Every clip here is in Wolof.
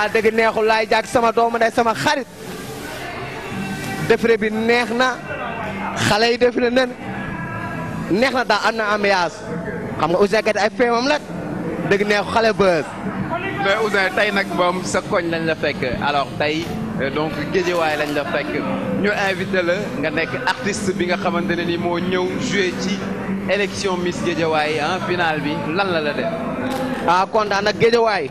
waa dëgg neexul laay jàkk sama doomu ndey sama xarit défilé bi neex na xale yi défilé nen neex na daal am na ambiance xam nga Ouzin Keita ay feemam la dëgg neexul xale bës mais Ouzin tey nag moom sa koñ lañ la fekk alors tey euh, donc géejawaay lañ la fekk ñu invité la nga nekk artiste bi nga xamante ne ni moo ñëw joué ci élection Miss Géejewaay en final bi lan la la def. ah kontaan nag géejewaay.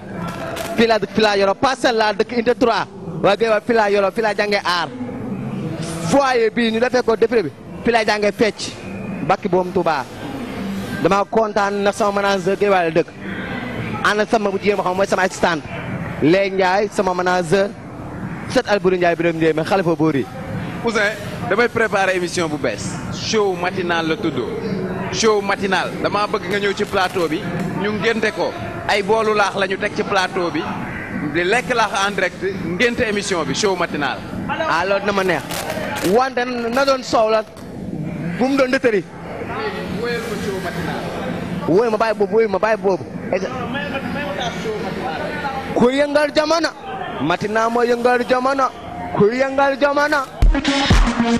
fii laa dëkk fii laa yoroo parcelle laa dëkk unité 3 waa Guèye fii laa yoroo fii laa jàngee aar foyer bii ñu defee ko défilé bi fii laa jàngee fecc bakki boom Touba dama kontaan na sama manager Guèye la dëkk ànd sama bu jigéen ma xam mooy sama sama manager set Albouri Ndiaye bi dem Ndiaye mais xalifa boor yi. Ouzin damay préparer émission bu bees show matinal la tudd show matinal damaa bëgg nga ñëw ci plateau bi ñu ngénte ko. ay boolu laax la ñu teg ci plateau bi di lekk laax en direct ngénte émission bi show matinal. ah loolu dina ma neex wante na doon soow la bu mu doon dëtëri. wóyal ma show boobu wóoy ma bàyyi boobu. ku yëngal jamono. matinal moo yëngal jamono. ku yëngal jamono.